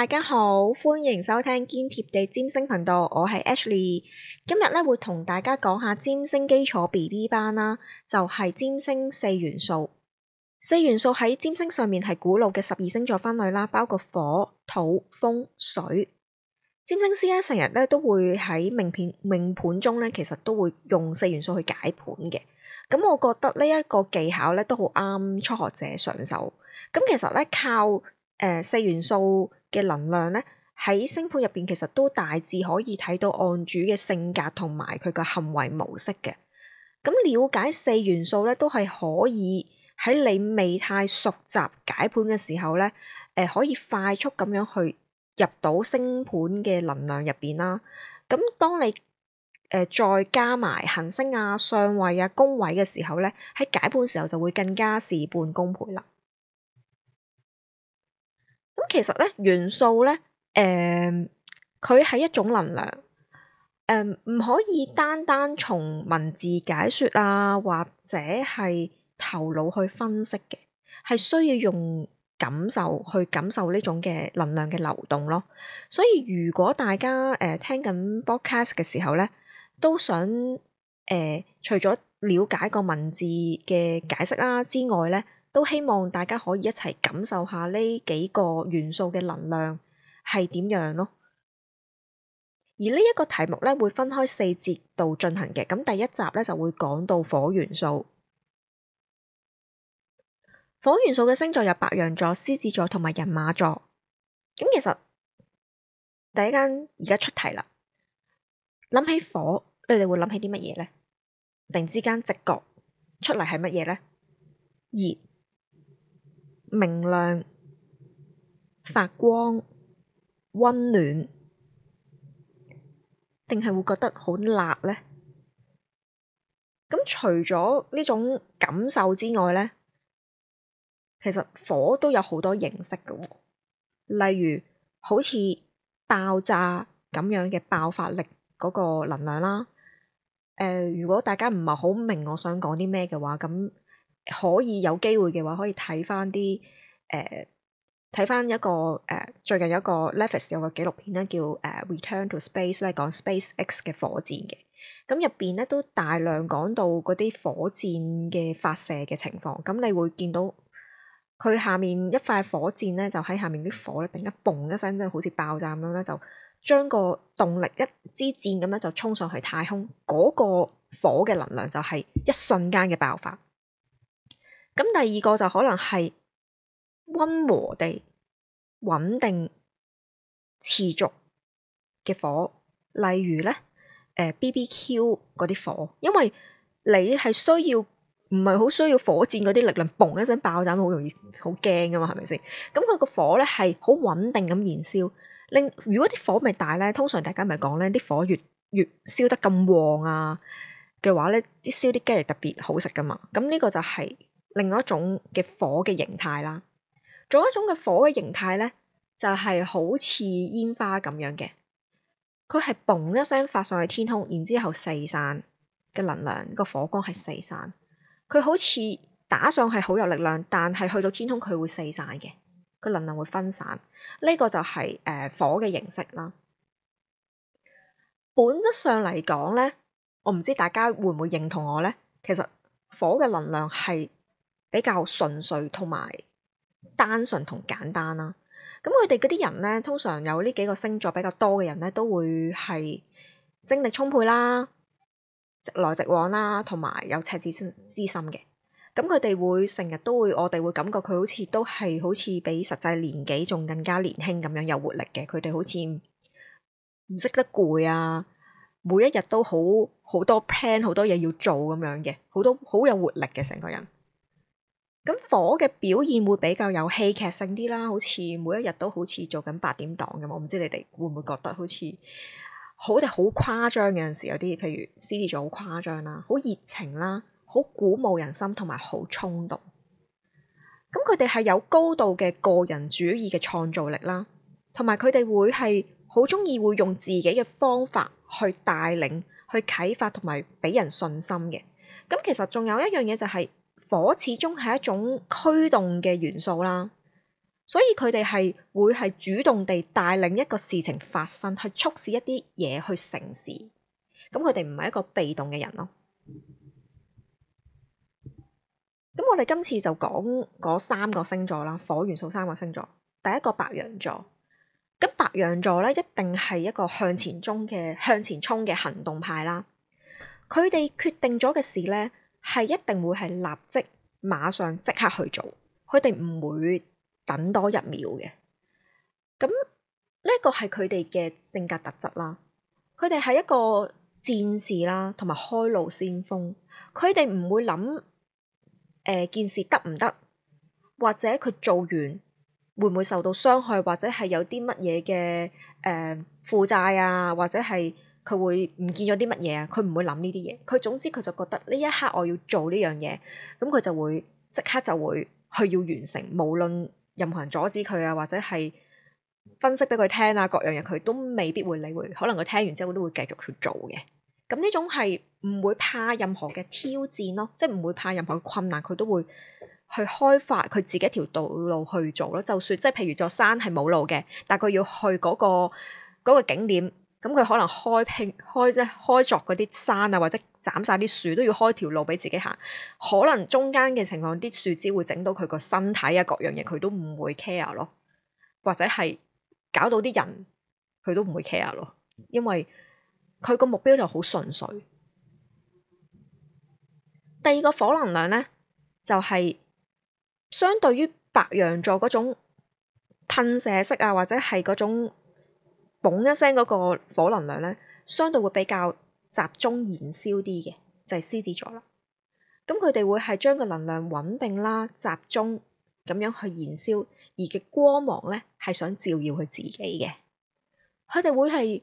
大家好，歡迎收聽堅貼地占星頻道，我係 Ashley，今日咧會同大家講下占星基礎 B B 班啦，就係、是、占星四元素。四元素喺占星上面係古老嘅十二星座分類啦，包括火、土、風、水。占星師咧成日咧都會喺名片命盤中咧，其實都會用四元素去解盤嘅。咁我覺得呢一個技巧咧都好啱初學者上手。咁其實咧靠誒、呃、四元素。嘅能量咧，喺星盤入邊其實都大致可以睇到案主嘅性格同埋佢嘅行為模式嘅。咁了解四元素咧，都係可以喺你未太熟習解盤嘅時候咧，誒、呃、可以快速咁樣去入到星盤嘅能量入邊啦。咁當你誒、呃、再加埋行星啊、相位啊、宮位嘅時候咧，喺解盤嘅時候就會更加事半功倍啦。咁其實咧元素咧，誒、呃，佢係一種能量，誒、呃，唔可以單單從文字解說啊，或者係頭腦去分析嘅，係需要用感受去感受呢種嘅能量嘅流動咯。所以如果大家誒、呃、聽緊 broadcast 嘅時候咧，都想誒、呃、除咗了，了解個文字嘅解釋啦、啊、之外咧。都希望大家可以一齊感受下呢幾個元素嘅能量係點樣咯。而呢一個題目呢會分開四節度進行嘅，咁第一集呢，就會講到火元素。火元素嘅星座有白羊座、獅子座同埋人馬座。咁其實第一間而家出題啦，諗起火，你哋會諗起啲乜嘢呢？突然之間直覺出嚟係乜嘢呢？熱。明亮、發光、温暖，定係會覺得好辣呢？咁除咗呢種感受之外呢，其實火都有好多形式嘅喎。哦，例如好似爆炸咁樣嘅爆發力嗰個能量啦。誒、呃，如果大家唔係好明我想講啲咩嘅話，咁。可以有機會嘅話，可以睇翻啲誒，睇、呃、翻一個誒、呃，最近一 有一個 Netflix 有個紀錄片咧，叫誒《呃、Return to Space》咧，講 SpaceX 嘅火箭嘅。咁入邊咧都大量講到嗰啲火箭嘅發射嘅情況。咁你會見到佢下面一塊火箭咧，就喺下面啲火咧，突然間嘣一聲，即係好似爆炸咁樣咧，就將個動力一支箭咁樣就衝上去太空。嗰、那個火嘅能量就係一瞬間嘅爆發。咁第二個就可能係溫和地穩定持續嘅火，例如咧誒、呃、B B Q 嗰啲火，因為你係需要唔係好需要火箭嗰啲力量，嘣一聲爆炸好容易好驚噶嘛，係咪先？咁佢個火咧係好穩定咁燃燒，令如果啲火咪大咧，通常大家咪講咧，啲火越越燒得咁旺啊嘅話咧，啲燒啲雞係特別好食噶嘛。咁呢個就係、是另外一種嘅火嘅形態啦，仲有一種嘅火嘅形態咧，就係、是、好似煙花咁樣嘅，佢係嘣一聲發上去天空，然之後四散嘅能量，個火光係四散，佢好似打上係好有力量，但係去到天空佢會四散嘅，個能量會分散，呢、這個就係、是、誒、呃、火嘅形式啦。本質上嚟講咧，我唔知大家會唔會認同我咧，其實火嘅能量係，比較純粹同埋單純同簡單啦，咁佢哋嗰啲人呢，通常有呢幾個星座比較多嘅人呢，都會係精力充沛啦，直來直往啦，同埋有，有赤子之心嘅。咁佢哋會成日都會，我哋會感覺佢好似都係好似比實際年紀仲更加年輕咁樣，有活力嘅。佢哋好似唔識得攰啊，每一日都好好多 plan 好多嘢要做咁樣嘅，好多好有活力嘅成個人。咁火嘅表現會比較有戲劇性啲啦，好似每一日都好似做緊八點檔咁。我唔知你哋會唔會覺得好似好哋好誇張嘅？有時有啲譬如獅子座好誇張啦，好熱情啦，好鼓舞人心，同埋好衝動。咁佢哋係有高度嘅個人主義嘅創造力啦，同埋佢哋會係好中意會用自己嘅方法去帶領、去啟發同埋俾人信心嘅。咁其實仲有一樣嘢就係，是。火始終係一種驅動嘅元素啦，所以佢哋係會係主動地帶領一個事情發生，去促使一啲嘢去成事。咁佢哋唔係一個被動嘅人咯。咁我哋今次就講嗰三個星座啦，火元素三個星座。第一個白羊座，咁白羊座咧一定係一個向前衝嘅、向前衝嘅行動派啦。佢哋決定咗嘅事咧，係一定會係立即、馬上、即刻去做，佢哋唔會等多一秒嘅。咁呢一個係佢哋嘅性格特質啦。佢哋係一個戰士啦，同埋開路先鋒。佢哋唔會諗誒、呃、件事得唔得，或者佢做完會唔會受到傷害，或者係有啲乜嘢嘅誒負債啊，或者係。佢會唔見咗啲乜嘢啊？佢唔會諗呢啲嘢。佢總之佢就覺得呢一刻我要做呢樣嘢，咁佢就會即刻就會去要完成，無論任何人阻止佢啊，或者係分析俾佢聽啊，各樣嘢佢都未必會理會。可能佢聽完之後，都會繼續去做嘅。咁、嗯、呢種係唔會怕任何嘅挑戰咯，即係唔會怕任何嘅困難，佢都會去開發佢自己一條道路去做咯。就算即係譬如座山係冇路嘅，但係佢要去嗰個嗰個景點。咁佢可能開劈開，即係開鑿嗰啲山啊，或者斬晒啲樹，都要開條路俾自己行。可能中間嘅情況，啲樹枝會整到佢個身體啊，各樣嘢佢都唔會 care 咯，或者係搞到啲人佢都唔會 care 咯，因為佢個目標就好純粹。第二個火能量呢，就係相對於白羊座嗰種噴射式啊，或者係嗰種。嘣一聲嗰個火能量咧，相對會比較集中燃燒啲嘅，就係獅子座啦。咁佢哋會係將個能量穩定啦、集中咁樣去燃燒，而嘅光芒咧係想照耀佢自己嘅。佢哋會係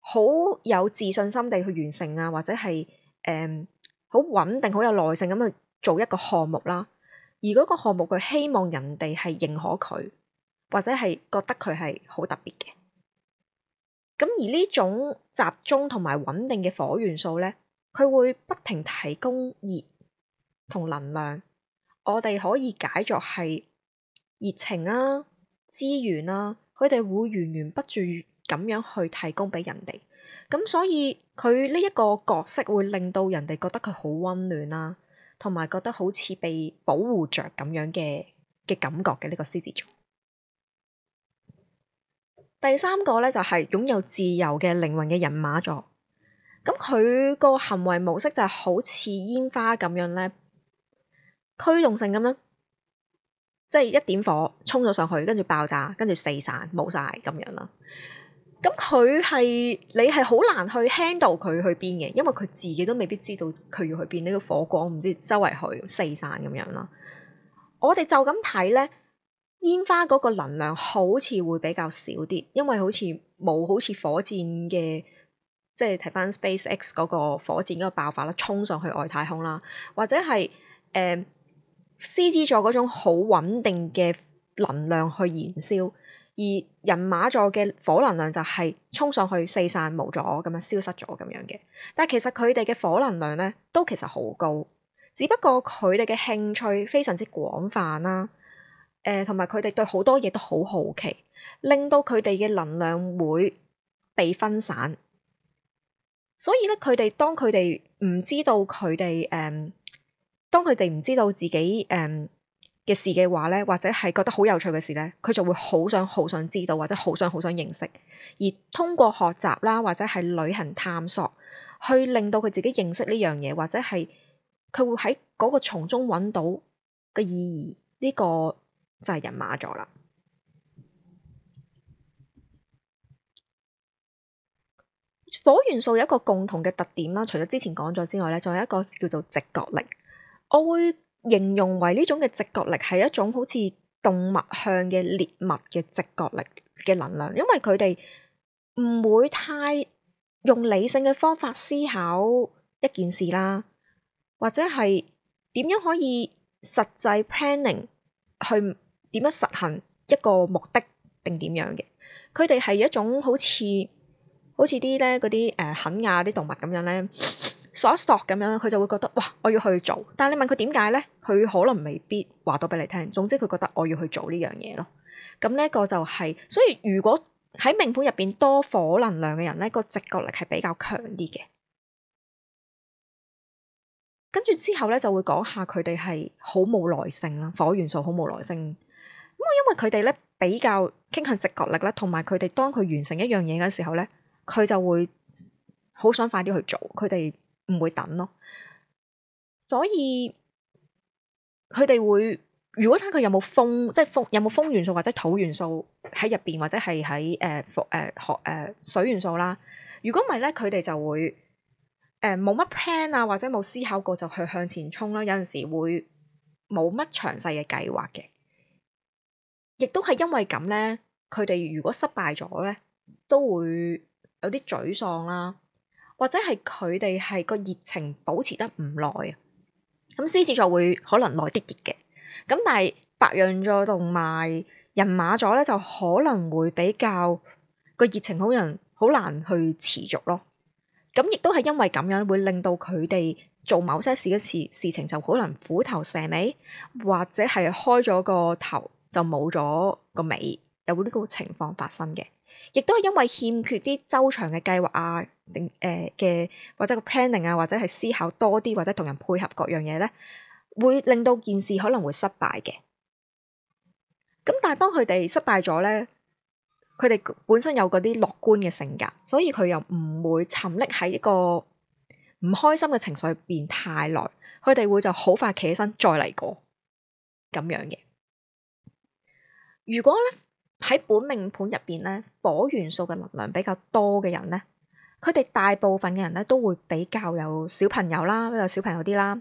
好有自信心地去完成啊，或者係誒好穩定、好有耐性咁去做一個項目啦。而嗰個項目佢希望人哋係認可佢，或者係覺得佢係好特別嘅。咁而呢種集中同埋穩定嘅火元素咧，佢會不停提供熱同能量，我哋可以解作係熱情啦、啊、資源啦、啊，佢哋會源源不絕咁樣去提供俾人哋。咁所以佢呢一個角色會令到人哋覺得佢好溫暖啦、啊，同埋覺得好似被保護着咁樣嘅嘅感覺嘅呢、呢個獅子座。第三個咧就係擁有自由嘅靈魂嘅人馬座，咁佢個行為模式就係好似煙花咁樣咧，驅動性咁樣，即係一點火衝咗上去，跟住爆炸，跟住四散冇晒咁樣啦。咁佢係你係好難去 handle 佢去邊嘅，因為佢自己都未必知道佢要去邊，呢個火光唔知周圍去四散咁樣啦。我哋就咁睇咧。煙花嗰個能量好似會比較少啲，因為好似冇好似火箭嘅，即係睇翻 SpaceX 嗰個火箭嗰個爆發啦，衝上去外太空啦，或者係誒獅子座嗰種好穩定嘅能量去燃燒，而人馬座嘅火能量就係衝上去四散冇咗咁樣消失咗咁樣嘅。但係其實佢哋嘅火能量咧都其實好高，只不過佢哋嘅興趣非常之廣泛啦。誒，同埋佢哋對好多嘢都好好奇，令到佢哋嘅能量會被分散。所以咧，佢哋當佢哋唔知道佢哋誒，當佢哋唔知道自己誒嘅、嗯、事嘅話咧，或者係覺得好有趣嘅事咧，佢就會好想好想知道，或者好想好想認識。而通過學習啦，或者係旅行探索，去令到佢自己認識呢樣嘢，或者係佢會喺嗰個從中揾到嘅意義呢、這個。就係人馬座啦。火元素有一個共同嘅特點啦，除咗之前講咗之外咧，仲有一個叫做直覺力。我會形容為呢種嘅直覺力係一種好似動物向嘅獵物嘅直覺力嘅能量，因為佢哋唔會太用理性嘅方法思考一件事啦，或者係點樣可以實際 planning 去。點樣實行一個目的定點樣嘅？佢哋係一種好似好似啲咧嗰啲誒肯亞啲動物咁樣咧，索一索咁樣，佢就會覺得哇，我要去做。但係你問佢點解咧，佢可能未必話到俾你聽。總之佢覺得我要去做呢樣嘢咯。咁呢一個就係，所以如果喺命盤入邊多火能量嘅人咧，個直覺力係比較強啲嘅。跟住之後咧，就會講下佢哋係好冇耐性啦，火元素好冇耐性。因為佢哋咧比較傾向直覺力咧，同埋佢哋當佢完成一樣嘢嘅時候咧，佢就會好想快啲去做，佢哋唔會等咯。所以佢哋會，如果睇佢有冇風，即係風有冇風元素或者土元素喺入邊，或者係喺誒誒誒水元素啦。如果唔係咧，佢哋就會誒冇乜 plan 啊，或者冇思考過就去向前衝啦。有陣時會冇乜詳細嘅計劃嘅。亦都係因為咁咧，佢哋如果失敗咗咧，都會有啲沮喪啦，或者係佢哋係個熱情保持得唔耐啊。咁獅子座會可能耐啲啲嘅，咁但係白羊座同埋人馬座咧，就可能會比較個熱情好人好難去持續咯。咁亦都係因為咁樣，會令到佢哋做某些事嘅事事情就可能虎頭蛇尾，或者係開咗個頭。就冇咗個尾，有呢個情況發生嘅，亦都係因為欠缺啲周詳嘅計劃啊，定誒嘅或者個 planning 啊，或者係思考多啲，或者同人配合各樣嘢咧，會令到件事可能會失敗嘅。咁但係當佢哋失敗咗咧，佢哋本身有嗰啲樂觀嘅性格，所以佢又唔會沉溺喺一個唔開心嘅情緒入面太耐，佢哋會就好快企起身再嚟過咁樣嘅。如果咧喺本命盤入邊咧，火元素嘅能量比較多嘅人咧，佢哋大部分嘅人咧都會比較有小朋友啦，比較有小朋友啲啦，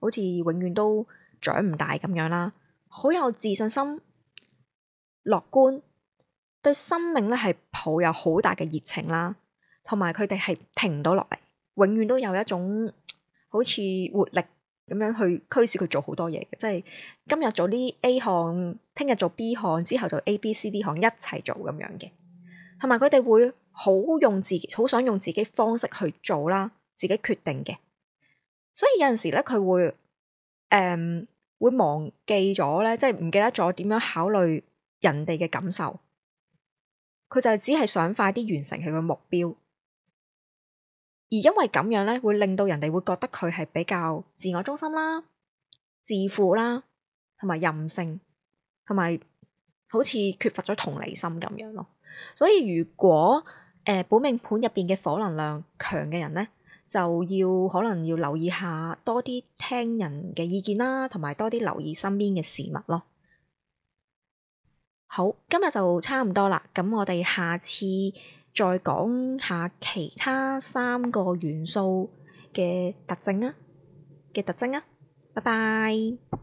好似永遠都長唔大咁樣啦，好有自信心，樂觀，對生命咧係抱有好大嘅熱情啦，同埋佢哋係停唔到落嚟，永遠都有一種好似活力。咁樣去驅使佢做好多嘢嘅，即係今日做呢 A 項，聽日做 B 項，之後就 A、B、C、D 項一齊做咁樣嘅，同埋佢哋會好用自好想用自己方式去做啦，自己決定嘅。所以有陣時咧，佢會誒會忘記咗咧，即係唔記得咗點樣考慮人哋嘅感受，佢就只係想快啲完成佢嘅目標。而因為咁樣咧，會令到人哋會覺得佢係比較自我中心啦、自負啦，同埋任性，同埋好似缺乏咗同理心咁樣咯。所以如果誒、呃、本命盤入邊嘅火能量強嘅人咧，就要可能要留意下多啲聽人嘅意見啦，同埋多啲留意身邊嘅事物咯。好，今日就差唔多啦，咁我哋下次。再講下其他三個元素嘅特徵啊，嘅特徵啊，拜拜。